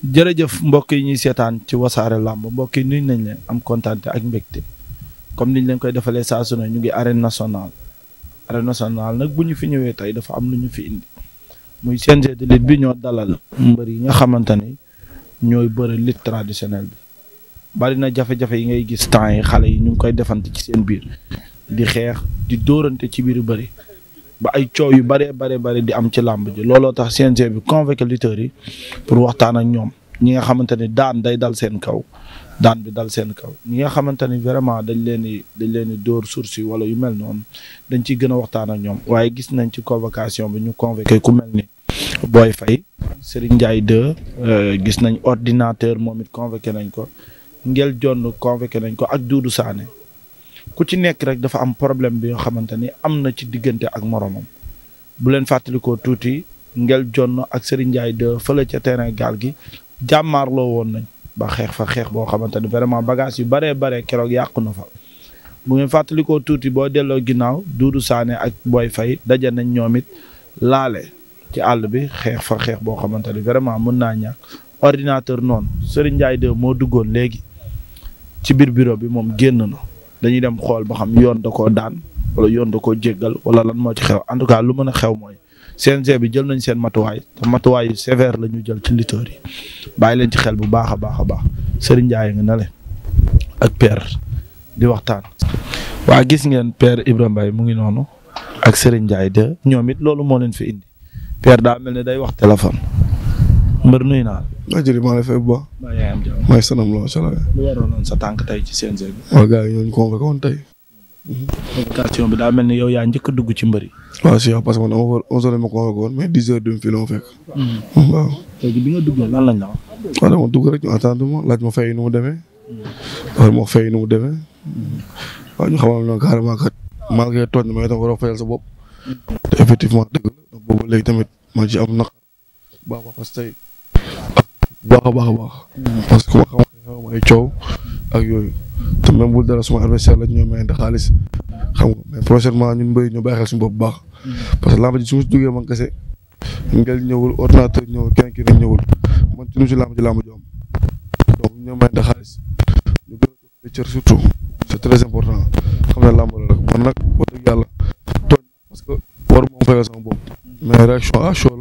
jërëjëf mbokk yi ñuy seetaan ci wasaare làmb mbokk yi nuyu nañ leen am kontaan ak mbégte comme niñ leen koy defalee saa su ñu ngi arène national arène nationale nag bu ñu fi ñëwee tey dafa am lu ñu fi indi muy CNG de lutte bi ñoo dalal mbër yi nga xamante ni ñooy bëri lutte traditionnelle bi bari na jafe-jafe yi ngay gis temps yi xale yi ñu ngi koy defante ci seen biir di xeex di dóorante ci biir bëri ba ay coow yu bëree bare bëri di am ci làmb ji looloo tax CNG bi convoqué lutteurs yi pour waxtaan ak ñoom ñi nga xamante ni daan day dal seen kaw daan bi dal seen kaw ñi nga xamante ni vraiment dañ leen di dañ leen di dóor source yi wala yu mel noonu dañ ciy gën a waxtaan ak ñoom waaye gis nañ ci convocation bi ñu convoqué ku mel ni booy Faye Serigne Ndiaye 2 euh, gis nañ ordinateur moom it convoqué nañ ko Ngel Jonn convoqué nañ ko ak Doudou Sané ku ci nekk rek dafa am problème bi nga xamante ni am na ci diggante ak moromam bu leen fàttalikoo tuuti Ngel Jonn ak Serigne Ndiaye de ca terrain gaal gi jàmmaarloo woon nañ ba xeex xeex boo xamante ni vraiment bagage yu baree baree keroog yàqu na fa. bu ngeen tuuti boo delloo ginnaaw Doudou Sané ak Boy Faye daje nañ ñoom it laale ci àll bi xeex xeex boo xamante ni vraiment mën naa ñàkk ordinateur noonu Serigne moo duggoon léegi ci biir bureau bi moom génn na. dañuy dem xool ba xam yoon da koo daan wala yoon da koo jéggal wala lan moo ci xew en tout cas lu mën a xew mooy CNG bi jël nañ seen matuwaay te matuwaay yu sévère la ñu jël ci lutteurs yi bàyyi leen ci xel bu baax a baax a baax Serigne Ndiaye nga na ak per di waxtaan. waa gis ngeen per Ibrahima Mbaye mu ngi noonu ak Serigne Ndiaye de ñoom it loolu moo leen fi indi per daa mel ne day wax téléphone. mbër nuyu naa la. waa jërëjëf maa lay fay bu baax. maa ngi am jàmm maa sanam la macha allah. lu waroon sa tànk tey ci CNG bi. waaw gars yi ñoo ñu convoqué woon tey. convocation bi daa mel ni yow yaa njëkk a dugg ci mbër yi. waaw si parce que man dama war onze heures ma convoqué woon mais dix heures demi fii la ma fekk. Mm-hmm. waaw. léegi bi nga duggee lan lañ la wax. waaw dama dugg rek ñu attendre ma laaj ma fay nu mu demee. laaj ma fay nu mu demee. waaw ñu xamal ne carrément kat malgré tooñ na mais itam war a fayal sa bopp. te effectivement dëgg la boobu léegi tamit ma ci am naq baax parce que tey baax a baax a baax. Mm-hmm. parce que wax ay coow ak yooyu te même bu dara suma adversaire lañ ñoo mayante xaalis xam nga mais prochainement ñun ñu bàyyi xel suñu bopp baax. Mm-hmm. parce que làmb ji su ma si duggee man kese ngel ñëwul ordinateur ñëwul keneen keneen ñëwul man ci nu si làmb ji làmb ji am donc ñoo a cër xam ne làmb la rek man nag wax dëgg yàlla tooñ parce que war moom fayal sama bopp mm-hmm. mais réaction ah chaud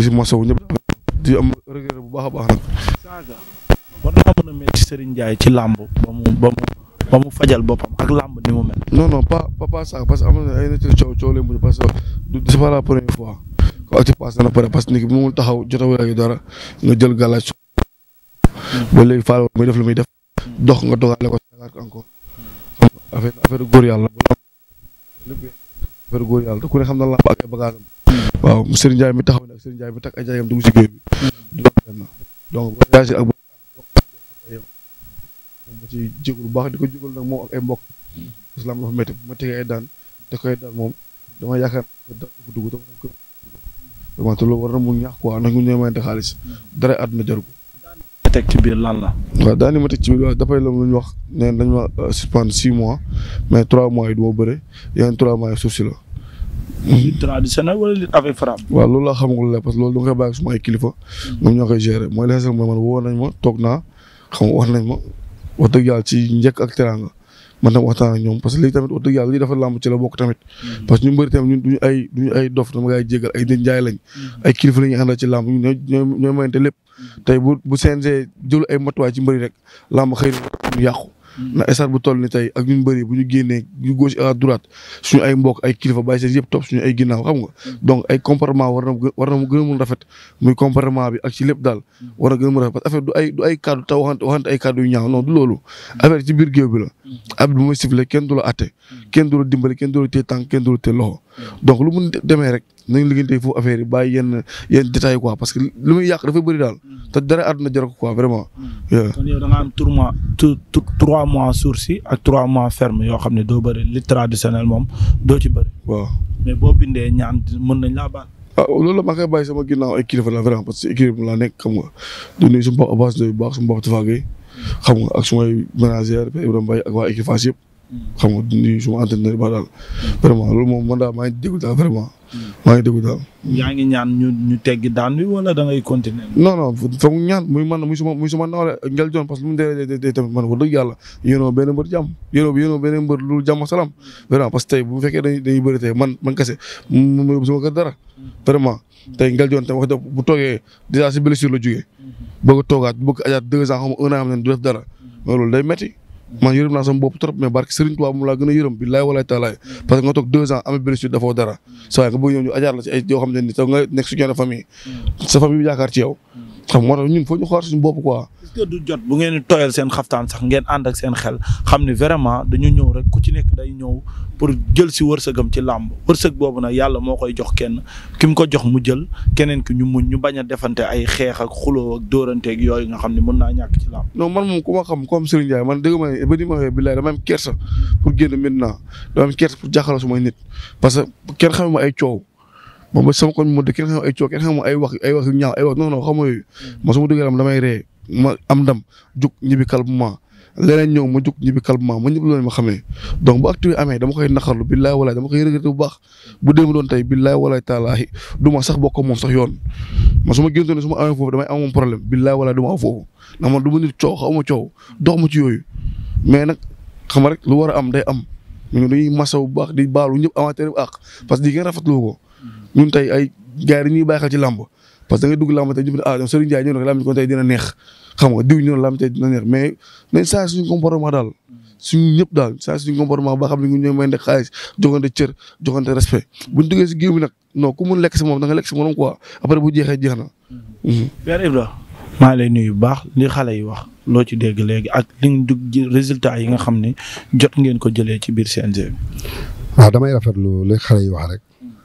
di si masawu ñëpp di am regret bu baax a baax nag. saaga war naa mën a metti Serigne Ndiaye ci làmb ba mu ba mu ba mu fajal boppam ak làmb ni mu mel. non non pas pas saaga parce que am na ay nit yu coow coow leen mujj parce que du c'est pas la première fois. ak ci paas na pare parce que nit ki bu mu taxaw jotawee dara nga jël gàllaaj ba léegi faal muy def lu muy def dox nga dogaale ko saagaat ko encore affaire affaire góor yàlla affaire góor yàlla te ku ne xam na làmb ak ay bagaasam waaw Serigne Ndiaye mi taxaw na Serigne Ndiaye mi takk ay jaayam dugg ci géej bi donc boo yaasee ak moom ma ci jégalu bu baax di ko jégalu nag moom ak ay mbokk islam dafa bu ma tegee ay koy daan moom dama yaakaar dara dafa dugg dama ko loolu war na mu ñaax quoi ndax ñu ñooy mayante xaalis dara àdduna jaru ko teg ci biir lan la. waaw daan ma teg ci biir waaw dafay la lu ñu wax neen dañu ma euh, suspendre six mois mais trois mois yi du ma bëre yeneen trois mois yi suuf si la lutte traditionnelle wala lutte avec frappe. waaw loolu laa xamagul la parce que loolu du nga koy bàyyi suma ay kilifa. Hmm. ñoom ñoo koy gérer mooy léeg-léeg mooy man woo toog naa xam nga nañ ma wax dëgg yàlla ci njëkk ak teraanga man tam waxtaan ak ñoom parce que lii tamit wax dëgg yàlla lii dafa làmb ci la bokk tamit. Hmm. parce que ñu mbëri tamit ñun duñu ay duñu ay dof dama ngay jégal ay njaay lañ. Hmm. ay kilifa la ñuy àndal ci làmb ñooy ñooy mayante lépp. tey bu bu CNG jël ay matuwaay ci mbëri rek làmb xëy na yàqu ndax stade bu toll ni tey ak ñun bëri bu ñu génnee ñu gauche à droite suñu ay mbok ay kilifa bàyyi seen yëpp topp suñu ay ginnaaw xam nga mm. donc ay comportement war war na mu gën a rafet muy comportement bi ak si lépp daal mm. war na gën a mun rafet parce que ay du ay kaddu taw waxante waxante ay kaddu yu ñaaw non du loolu affaire ci biir géew bi la mm. ab bu ma sifle kenn du la atte kenn du la dimbali kenn du la téye kenn du la téye loxo donc lu mun demee rek nañ liggéeyante foofu affaire yi bàyyi yenn yenn détails quoi parce que li muy yàq dafa bëri daal te dara àdduna jar ko quoi vraiment. Mm. kon yow da nga am trois mois trois mois sursis ak trois mois ferme yoo xam ne doo bëri li traditionnel moom doo ci bëri. waaw mais boo bindee ñaan mën nañ laa baal. ah loolu la maa koy bàyyi sama ginnaaw ay kilifa la parce que équilibre laa nekk xam nga du nuyu suñu bopp Abass bu baax suñu mm. xam nga ak sumay ménagère Ibrahima Mbaye ak waa équipe Fass yëpp. xam nga nii suma entraîneur ba daal vraiment loolu moom man daal maa ngi daal vraiment yaa ngi ñaan ñu teggi daan bi wala da ngay continuer non non ñaan muy suma muy ngel joon parce lu dee dee tamit man wax dëgg yàlla yéenoo benn mbër jàmm yéenoo yéenoo lu jàmm salaam vraiment parce que bu fekkee dañuy dañuy bëri tey man man kese mu ma yóbbu sama kër dara vraiment tey ngel joon tam bu toogee dèjà ans xaw ma un def dara loolu day metti man yërëm naa sama bopp trop mais barke Serigne Touba moom laa gën a yërëm billaay parce que nga toog deux ans amee blessure dafoo dara saa nga bëgg ajaar la ci ay yoo xam ne ni sax nga nekk soutien sa famille bi yaakaar ci xam nga ñun foo ñu xool suñu bopp quoi. est-ce que jot bu ngeen di tooyal seen xaftaan sax ngeen ànd ak seen xel xam ni vraiment dañu ñëw rek ku ci nekk day ñëw pour jël si wërsëgam ci làmb wërsëg boobu nag yàlla moo koy jox kenn ki mu ko jox mu jël keneen ki ñu muñ ñu bañ a defante ay xeex ak xuloo ak dóoranteeg yooyu nga xam ne mën naa ñàkk ci làmb. non man moom ku xam comme Serigne Ndiaye man dëgg ba ni ma waxee billaay dama am kersa pour génn maintenant dama am kersa pour jàkkaarloo sumay nit parce que kenn xamuma ay coow moom ba sama koñ mu dëkk kenn xam ay coow kenn xam ay wax ay wax yu ñaaw ay wax non non xam nga yooyu mm. ma su ma duggee damay ree ma am ndam jug ñibbi calmement leneen ñëw ma jug ñibbi calmement ma ñëpp loolu ma xamee donc bu activité amee dama koy naqarlu billaay walaay dama koy regretté bu baax bu démb doon tey billaay walaay taalaahi du ma sax bokk moom sax yoon ma su ma gëntoon ne su ma amee foofu damay amoon problème billaay walaay du ma am foofu ndax man du ma nit coow xaw ma coow dox ma ci yooyu mais nag xam rek lu war a am day am ñu dañuy masaw bu baax di baalu ñëpp amateur bu àq parce que di ngeen rafetlu ko ñun tey ay gars yi ñuy bàyyi ci làmb parce que da ngay dugg làmb tey jub ah Serigne Ndiaye ñëw na làmb ji kon tey dina neex xam nga diw ñëw na làmb tey dina neex mais nañ saa suñu comportement daal suñu ñëpp daal saa suñu comportement ba xam ne ñoom may nekk xaalis joxante cër joxante respect buñ duggee si géew bi nag non ku mun si moom da nga lekk si moom quoi après bu jeexee jeex na. Mhm. Père Ibra maa lay nuyu bu baax li xale yi wax loo ci dégg léegi ak li nga ji résultat yi nga xam ne jot ngeen ko jëlee ci biir CNG bi. waaw ah, damay rafetlu li xale yi wax rek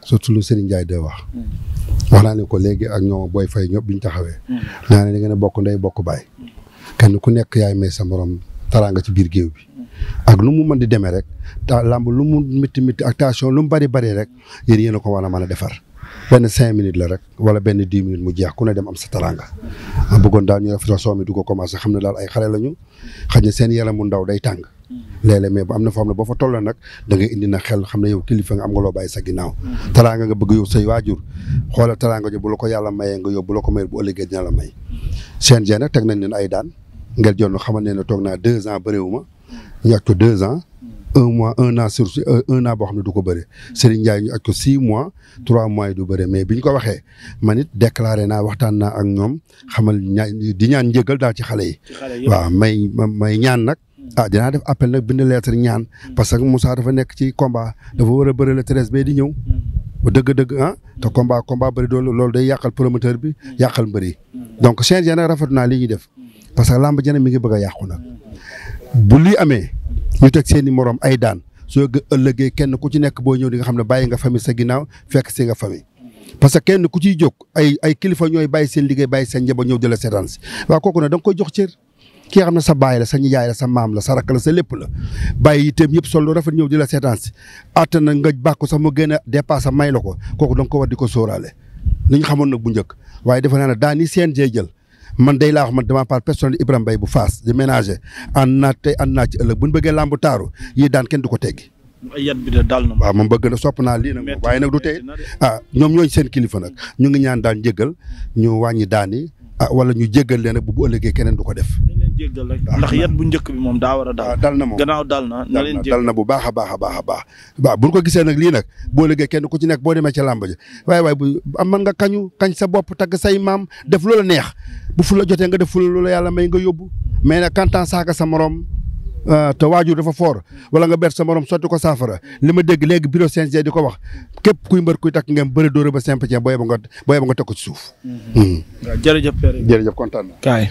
surtout lu seen Ndiaye de wax. wax naa ne ko léegi ak ñoom booy fay ñëpp bi ñu taxawee. naa ne da ngeen a bokk ndey bokk baay. kenn ku nekk yaay may sa morom taraanga ci biir géew bi. ak nu mu mën di demee rek ta làmb lu mu miti miti ak tension lu mu bari bari rek yéen yéen ko war a mën a defar. benn cinq minutes la rek wala benn dix minutes mu jeex ku ne dem am sa taranga a bëggoon daal ñu rafetal soo mi du ko commencé xam ne daal ay xale lañu xaj na seen yaram mu ndaw day tàng. léeg mais ba am na foo xam boo fa tolloo nag da indi na xel xam ne yow kilifa nga am nga loo bàyyi sa ginnaaw mm. taraanga nga bëgg yow say waajur xoola taraanga jo bu la ko yàlla mayee nga yow bu la ko mayee bu ëllëgee dina la nag teg nañ leen ay daan ngel joon xamal ne ne toog naa deux ans bëréewuma ñu aj ko deux ans mm. un mois un an sur euh, un an boo xam ne du ko bëre mm. Serigne Ndiaye ñu aj ko six mois trois mois du bëre mais bi ñu ko waxee man it déclaré naa waxtaan naa ak ñoom xamal ñaa di ñaan njëgal daal ci xale yi waaw may may ñaan nag ah dinaa def appel nag bind lettre ñaan parce que Moussa dafa nekk ci combat dafa war a bëri bay di ñëw bu hmm. dëgg-dëgg ah te combat combat bëri doolu loolu day yàqal promoteur bi hmm. yàqal mbër yi hmm. donc CNG nag rafet naa li ñuy def parce que làmb jëne mi ngi bëgg a yàqu bu lii amee ñu teg seen i morom ay daan soo ëllëgee kenn ku ci nekk boo ñëw di nga xam ne bàyyi nga famille sa ginnaaw fekk nga famille parce que kenn ku ciy jóg ay ay kilifa ñooy bàyyi seen liggéey bàyyi seen njaboot ñëw di la seetaan si waaw kooku nag da nga koy jox cër ki na sa baay la sa nijaay la sa maam la sa rakk la sa lépp la bàyyi yitteem yëpp sol lu rafet ñëw di la seetaan si àtt na nga bàkku sa mu gën a dépassé may la ko kooku danga war di ko sooraale li ñu xamoon nag bu njëkk waaye defe naa ne daa ni CNG jël man day laa wax man dama par personnel Ibrahima Mbaye bu faas di ménager ànd naa tey ànd naa ci ëllëg bu ñu bëggee làmbu taaru yi daan kenn du ko teggi yat daal na. waaw moom bëgg na sopp naa lii nag waaye nag du tey ah, ñoom ñooñu seen kilifa nag ñu ngi ñaan daal njëgal ñu wàññi daan yi ah wala ñu jéggal leen bu bu ëllëgee keneen du ko def. jéggal ndax yat bu njëkk bi moom daa war a dal. Ah, dal na moom gannaaw dal na. na leen dal na bu baax a baax a baax a baax. waaw bu ñu ko gisee nag lii nag boo liggéey kenn ku ci nekk boo demee ca làmb ji waaye waaye bu nga kañu kañ sa bopp tagg say maam def loola neex bu fu la jotee nga def fu la loola yàlla may nga yóbbu mais nag kantaan saaka sa moroom Euh, te waajur dafa foor wala nga ber sa morom sotti ko saafara li ma dégg léegi bureau CNG di ko wax képp kuy mbër kuy takk ngeen bëri door ba sympatien booy ba nga booy ba nga teg ko ci suuf. Mm-hmm. Mm. waaw jërëjëf père jërëjëf kontaan naa. kaay.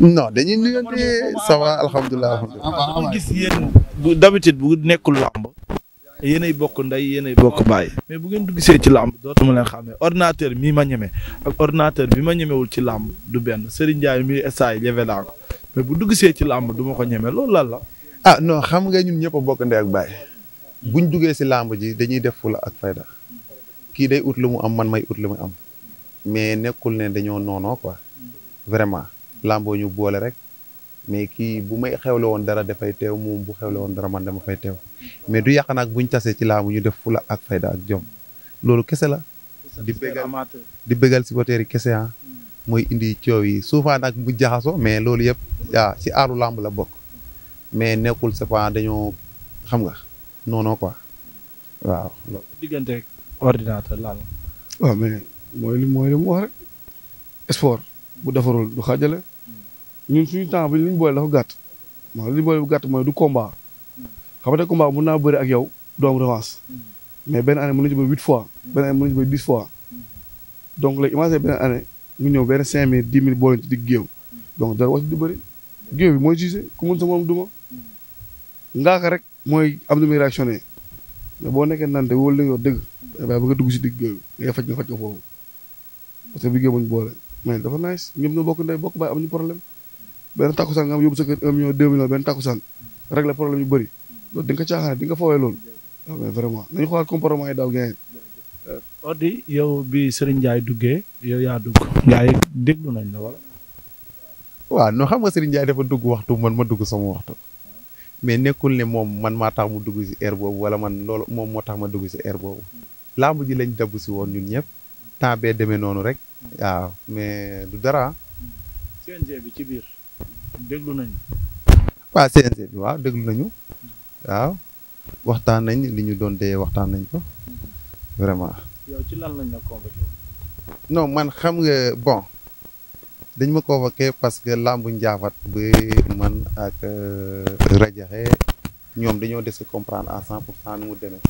non dañuy nuyante ça va alhamdulilah yéenay bokk ndey yéenay bokk baay mais bu ngeen du ci làmb dootuma leen xàmmee ordinateur mii ma ñeme ak ordinateur bi ma ñemewul ci làmb du benn Serigne Ndiaye mii essay levé naa mais bu du gisee ci làmb du ma ko ñeme loolu lan la. ah non xam nga ñun ñëpp bokk ndee ak baay buñ duggee si làmb ji dañuy def fula ak fayda kii day ut lu mu am man may ut lu mu am mais nekkul ne dañoo noonoo ko vraiment làmboo ñu boole rek. mais kii bu may xewle woon dara dafay teew moom bu xewle woon dara man dama fay teew mais du yàq nag buñ tasee ci laamu ñu def fula ak fayda ak jom loolu kese la. di bégal di bégal supporters yi kese ah. hmm. mooy indi coow yi souvent nag mu jaxaso mais loolu yëpp si ah, aaru làmb la bokk mais nekkul c'est pas dañoo xam nga non non waaw. diggante ordinateur laal. mais mooy li mooy mu wax rek. sport bu defarul du xaajale. ñun suñu temps bi li ñu boole dafa gàtt maanaam li ñu bu gàtt mooy du combat xam nga combat mun naa bëri ak yow doom revanche mais benn année mën nañu ci bëri fois benn année mën nañu ci bëri dix fois donc léegi imagine benn année ñu ñëw benn cinq mille dix mille boole di digg géew donc dara wax du bëri géew bi mooy gisé ku mun sa moom duma ngaaka rek mooy am na muy réactionné boo nekkee nante wóolu la yow dëgg ba nga dugg si digg géew bi faj nga faj ko foofu parce que bi géew bu boole mais dafa nice ñoom bokk ndey bokk baay ñu problème benn takkusaan nga am yóbbu sa kër un million deux millions benn takkusaan rek la problème yu bëri loolu di nga ko caaxaane di nga foowee loolu ah, vraiment nañu xoolaat comportement yi daal gaay euh, Ordi yow bi Serigne Ndiaye duggee yow yaa dugg gars yi déglu nañ la wala waaw non xam nga Serigne Ndiaye dafa dugg waxtu man ma dugg sama waxtu mais nekkul ne moom man maa tax mu dugg si air boobu wala man loolu moom moo tax ma dugg si air boobu làmb ji lañ dabb si woon ñun ñëpp temps bee demee noonu rek waaw mais du dara CNG bi ci biir déglu nañu. waaw CNG nañu. waaw waxtaan nañ li ñu doon dee waxtaan nañ ko. vraiment. yow ci lan lañ la convoqué non man xam nga bon dañ ma convoqué parce que làmbu njaafat bi man ak euh, rajaxe ñoom dañoo des comprendre à cent pour cent nu mu demee.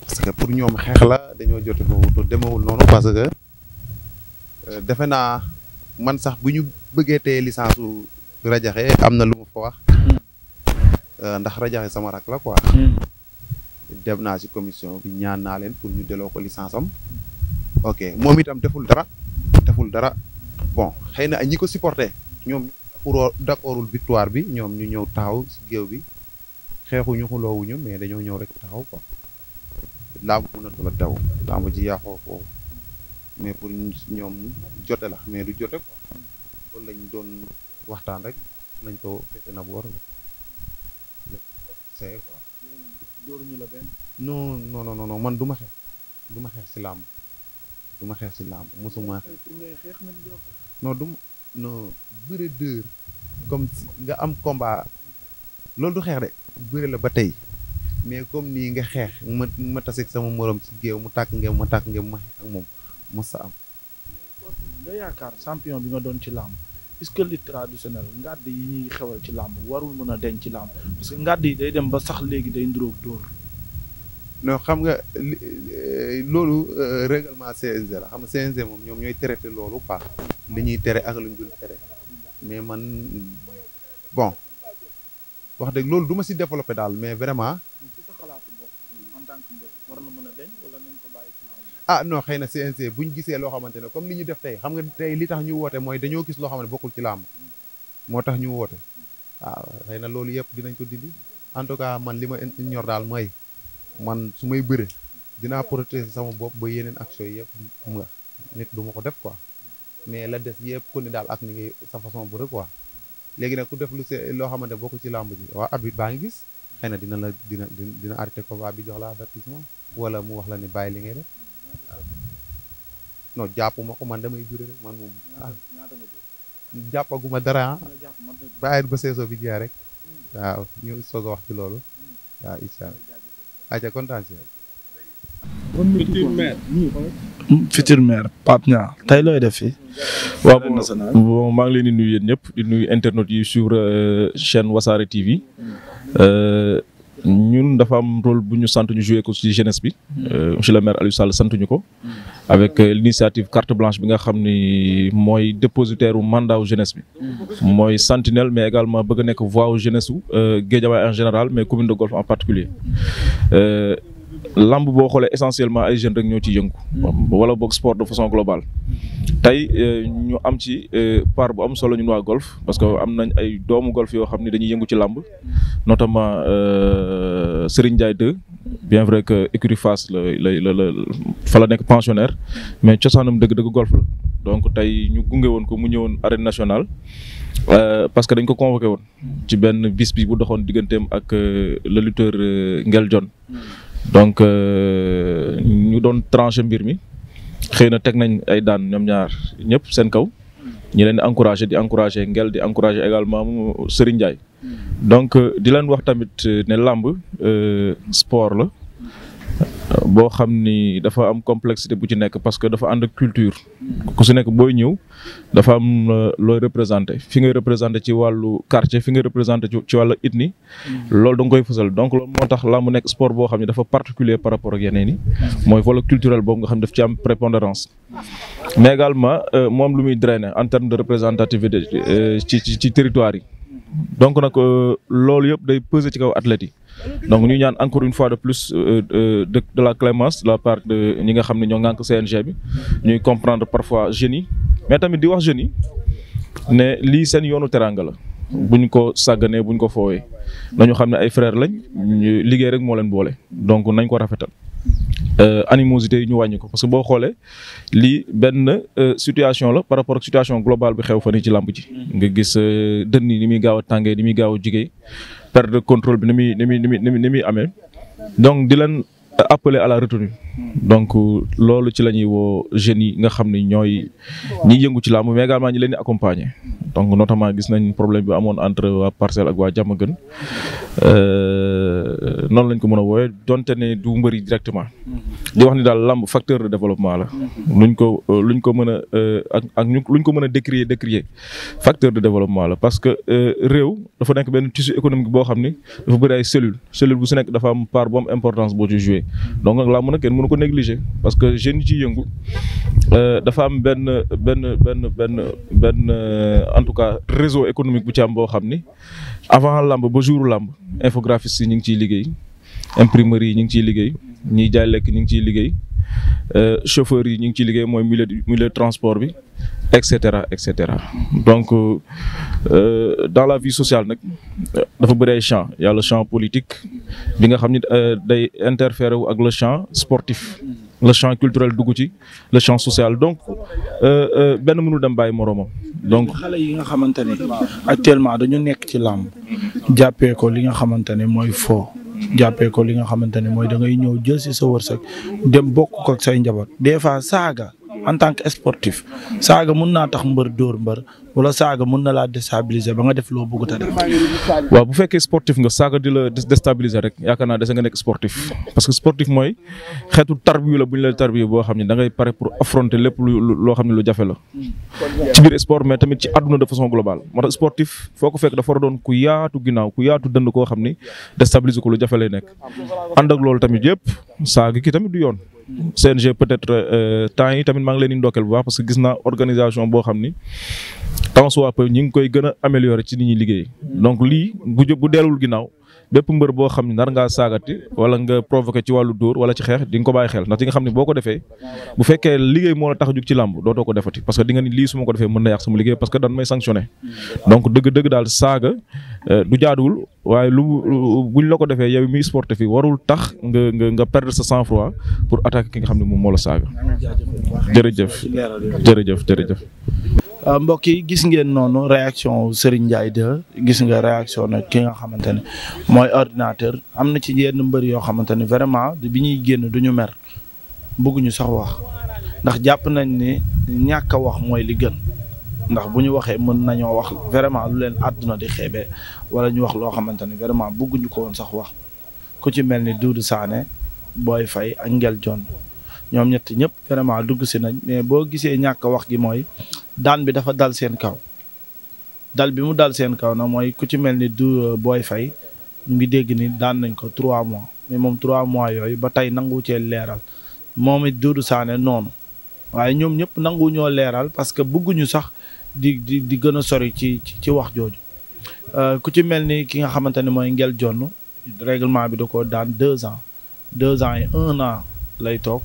parce que pour ñoom xeex la dañoo jote foofu demewul noonu parce que euh, defe naa man sax bu ñu bëggee téye licence rajaxe am na lu mu fa wax euh, ndax rajaxe sama rak la quoi hmm. dem naa si commission bi ñaan naa leen pour ñu delloo ko licence am ok moom itam deful dara deful dara bon xëy na ñi ko supporté ñoom pour d'accordul victoire bi ñoom ñu ñëw taxaw si géew bi xeexuñu xuloowuñu mais dañoo ñëw rek taxaw quoi làmb mën a tula daw làmb ji yàqoo foofu mais pour ñoom jote la mais du jote quoi lañ doon waxtaan rek nañ ko féete na bu war c'est quoi. dóoruñu la benn. non non non man duma ma xeex du ma xeex si làmb du ma xeex si làmb mosuma xeex. non du non dër comme nga am combat loolu du xeex de. bëre la ba tey mais comme nii nga xeex ma ma taseeg sama moroom si géew mu tàkk ngeen ma tàkk ngeen ma xeex ak moom mos a am. yaakaar champion bi nga doon ci làmb est-ce que li traditionnel ngàdd yi ñuy xewal ci làmb warul mën a denc ci làmb parce que ngàdd yi day dem ba sax léegi day nduróog dóor non xam nga euh, loolu euh, règlement CNG la xam nga CNG moom ñoom ñooy traité loolu quoi li ñuy tere ak lu ñu dul tere mais man bon wax dëgg loolu duma ma si développé daal mais vraiment ah no xëy na CNG buñ gisee loo xamante ne comme li ñu def tey xam nga tey li tax ñu woote mooy dañoo gis loo xam ne bokkul ci làmb moo tax ñu woote waaw ah, xëy na loolu yëpp dinañ ko dindi en tout cas man li ma in ñor daal mooy man su may bëre dinaa protéger sama bopp ba yeneen action yëpp mu nga nit duma ko def quoi mais la des yëpp ku ne daal ak ni ngay sa façon bu bëre quoi léegi nag ku def lu see loo xamante ne bokkul ci làmb ji waa arbitre baa ngi gis xëy dina la dina dina arrêté combat bi jox la avertissement wala mu wax la ne bàyyi li ngay non jàpp ma ko man damay bëri rek jàppaguma dara ah. bàyyi ba saison bi jeex rek. Hmm. waaw ñu soog wax ci loolu. Hmm. waaw incha allah. aja kontaan si futur maire hmm, futur maire Pape tey looy def fi waaw bon maa ngi leen di nuyu yéen ñëpp di nuyu internautes yi suivre euh, chaîne Wassare TV. Euh, ñun dafa am rôle bu ñu sant ñu joué ko ci jeunesse bi. Euh, monsieur le maire santuñu ko. avec euh, l'initiative carte blanche bi nga xam ni mooy dépositaire u mandat wu jeunesse bi. mooy sentinelle mais également bëgg a nekk voix wu jeunesse su euh, Guédiawaye en général mais commune de Golf en particulier lamb boo xoolee essentiellement ay jeunes rek ñoo ci yëngu. wala boog sport de façon globale. tey euh, ñu am ci euh, part bu am solo ñun waa golf parce que am nañ ay doomu golf yoo xam ne dañuy yëngu ci lamb. notamment euh, Serigne Ndiaye 2 bien vrai que écurie Fass la la la fa la nekk pensionnaire mais cosaanam dëgg-dëgg golf la donc tey ñu gunge woon ko mu ñëwoon arène national Euh, parce que dañ ko convoqué woon. ci benn bis bi bu doxoon digganteem ak le lutteur Ngel John. donc euh, ñu doon tranché mbir mi xëy na teg nañ ay daan ñoom ñaar ñëpp seen kaw ñi leen di encouragé di encouragé Ngel di encouragé également Serigne Ndiaye mm. donc euh, di leen wax tamit euh, ne làmb sport la. boo xam ni dafa am complexité bu ci nekk parce que dafa ànd ak culture ku si nekk booy ñëw dafa am euh, looy représenté fi ngay représenté ci wàllu quartier fi ngay représenté ci wàllu ethnie mm. loolu da nga koy fësal donc loolu moo tax laa mu nekk sport boo xam ne dafa particulier par rapport ak yeneen yi mm. mooy volet culturel boobu nga xam ne daf ci am prépondérance mais également euh, moom lu muy drainer en terme de représentativité euh, ci ci territoire yi donc nag euh, loolu yëpp day peser ci kaw athlètes yi donc ñuy ñaan encore une fois de plus euh, euh, de de la clémence de la part de ñi nga xam ne ñoo ngànk CNG bi ñuy comprendre parfois jeunes yi mais tamit di wax jeunes ne lii seen yoonu teranga la buñ ko sàgganee buñ ko foowee nañu xam ne ay frères lañ liggéey rek moo leen boole donc nañ ko rafetal Euh, animosité yi ñu wàññi ko parce que boo xoolee lii benn euh, situation la par rapport ak situation globale bi xew fa ni ci làmb ci nga gis euh, dënn yi ni muy gaaw a tàngee ni muy gaaw a jigee perte de contrôle bi ni muy ni muy ni muy ni muy amee donc di leen appeler à la retenue. donc loolu ci la ñuy woo jeunes yi nga xam ne ñooy ñiy yëngu ci làmb mais également ñi leen di accompagner donc notamment gis nañ problème bi amoon entre waa parcelle ak waa jàmm gën. Euh, noonu lañ ko mën a wooye donte ne du mbëri directement. di wax ni daal làmb facteur de développement la. luñ ko euh, luñ ko mën a euh, ak ak luñ ko mën a décrier décrier facteur de développement la parce que réew dafa nekk benn tissu économique boo xam ni dafa bëri ay cellules cellule bu si nekk dafa am part bu am importance boo ci joué. donc nag làmb nag kenn mënu ko négliger parce que jeunes yi ciy yëngu dafa am benn benn benn benn benn en tout cas réseau économique bu ci am boo xam ni. avant làmb ba jour làmb infographiste yi ñu ngi ciy liggéey imprimerie yi ñu ngi ciy liggéey ñiy jaay lekk ñu ngi ciy liggéey Euh, chauffeurs yi ñu ngi ci liggéey mooy milieu milieu transport bi et cetera et cetera donc euh, euh, dans la vie sociale nag dafa bëri ay champ y a le politique bi nga xam ni day interféré wu ak le champ sportif le champ culturel dugg ci le champ sociale donc benn mënu dem bàyyi moroomam donc xale yi nga xamante ne actuellement dañu nekk ci làmb jàppee ko li nga xamante ne mooy foo jàppee ko li nga xamante ne mooy da ngay ñëw jël si sa wërsëg dem bokk ko say njaboot des fois saaga en tant que sportif saaga mun naa tax mbër dóor mbër wala saaga mun na laa déstabiliser ba nga def loo bëgg ta def. waaw bu fekkee sportif nga saaga di la déstabiliser rek yaakaar na dese nga nekk sportif parce que sportif mooy xeetu tarbiyu la bu ñu la tarbiyu boo xam ne da ngay pare pour affronter lépp loo xam ne lu jafe la. ci biir sport mais tamit ci àdduna de façon globale moo tax sportif foo ko fekk dafa war doon ku yaatu ginnaaw ku yaatu dënd koo xam ni ko lu jafe lay nekk ànd ak loolu tamit CNG peut-être euh, temps yi tamit maa ngi leen di ndokkeel parce que gis naa organisation boo xam ni tant soit peu ñu ngi koy gën a améliorer ci ni ñuy liggéey mm. donc lii bu jë bu delluwul ginnaaw bépp mbër boo xam ne nar ngaa saagati wala nga provoqué ci wàllu dóor wala ci xeex di nga ko bàyyi xel ndax di nga xam ne boo ko defee bu fekkee liggéey moo la tax a jug ci làmb dootoo ko defati parce que di nga ni lii su ma ko defee mën na yàq sama liggéey parce que dan may donc dëgg-dëgg daal saaga euh, du jaaduwul waaye lu buñ la ko defee yow mi sportif fii warul tax nga nga nga perdre sa sang froid pour attaque ki nga xam ne moom moo la saaga jërëjëf jërëjëf jërëjëf Euh, mbokk yi gis ngeen noonu réaction Serigne Ndiaye 2 gis nga réaction nag ki nga xamante ne mooy ordinateur am na ci yenn mbër yoo xamante ne vraiment bi ñuy génn du ñu mer bëgguñu sax wax ndax jàpp nañ ni ñàkk wax mooy li gën ndax bu ñu waxee mën nañoo wax vraiment lu leen àdduna di xeebee wala ñu wax loo xamante ne vraiment bëgguñu ko woon sax wax ku ci mel ni Doudou Sané booy fay ak Ngel John ñoom ñett ñëpp vraiment dugg si nañ mais boo gisee ñàkk wax gi mooy daan bi dafa dal seen kaw dal bi mu dal seen kaw na mooy ku ci mel ni du euh, booy fay mu ngi dégg ni daan nañ ko trois mois mais moom trois mois yooyu ba tey nangu cee leeral moom it Doudou Sané noonu waaye ñoom ñëpp nangu ñoo leeral parce que bëgguñu sax di di di gën a sori ci ci wax jooju euh, ku ci mel ni ki nga xamante ne mooy ngel jonn règlement bi da ko daan deux ans deux ans et un an lay toog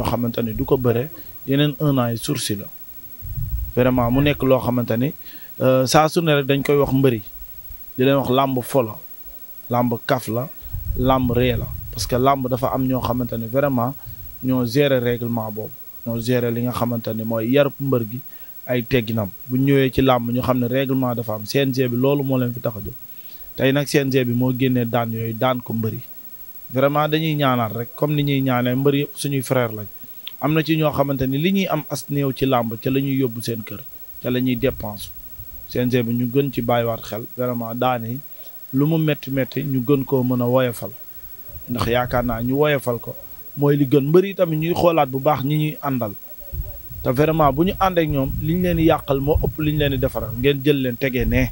yoo xamante ni du ko bëre yeneen un an yi sursi la vraiment mu nekk loo xamante ni euh, saa su ne rek dañ koy wax mbëri di leen wax làmb folo la làmb kaf la làmb ree la parce que làmb dafa am ñoo xamante ni vraiment ñoo gérer règlement boobu ñoo gérer li nga xamante ni mooy yar mbër gi ay tegginam bu ñëwee ci làmb ñu xam ne réglement dafa am CNG bi loolu moo leen fi tax a jóg tey nag CNG bi moo génnee daan yooyu daan ko mbëri vraiment dañuy ñaanaat rek comme ni ñuy ñaanee mbër yëpp suñuy frère lañ am na ci ñoo xamante ni li ñuy am as néew ci làmb ca la ñuy yóbbu seen kër ca la ñuy dépense CNG bi ñu gën ci bàyyiwaat xel vraiment daani lu mu métti métti ñu gën koo mën a woyofal ndax yaakaar naa ñu woyofal ko mooy li gën mbër yi tamit ñuy xoolaat bu baax ñi ñuy àndal te vraiment bu ñu ànd ñoom li ñu leen di yàqal moo ëpp li ñu leen di defaral ngeen jël leen tegee ne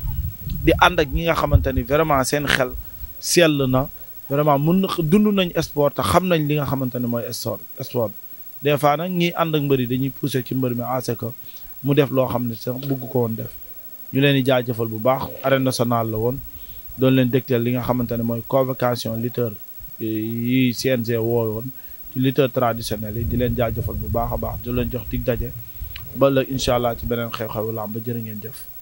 di ànd ak ñi nga xamante ni vraiment seen xel sell na vraiment mun na dund nañ sport te xam nañ li nga xamante ne mooy sport sport des fois nag ñiy ànd ak mbëri dañuy pousser ci mbër mi en ce mu def loo xam ne sax bëgg ko woon def ñu leen di jaajëfal bu baax arène nationale la woon doon leen dégteel li nga xamante ne mooy convocation lutteur yi CNG woowoon ci lutteur traditionnel yi di leen jaajëfal bu baax a baax di leen jox dig daje ba la incha allah ci beneen xew-xewu làmb ba jërë ngeen jëf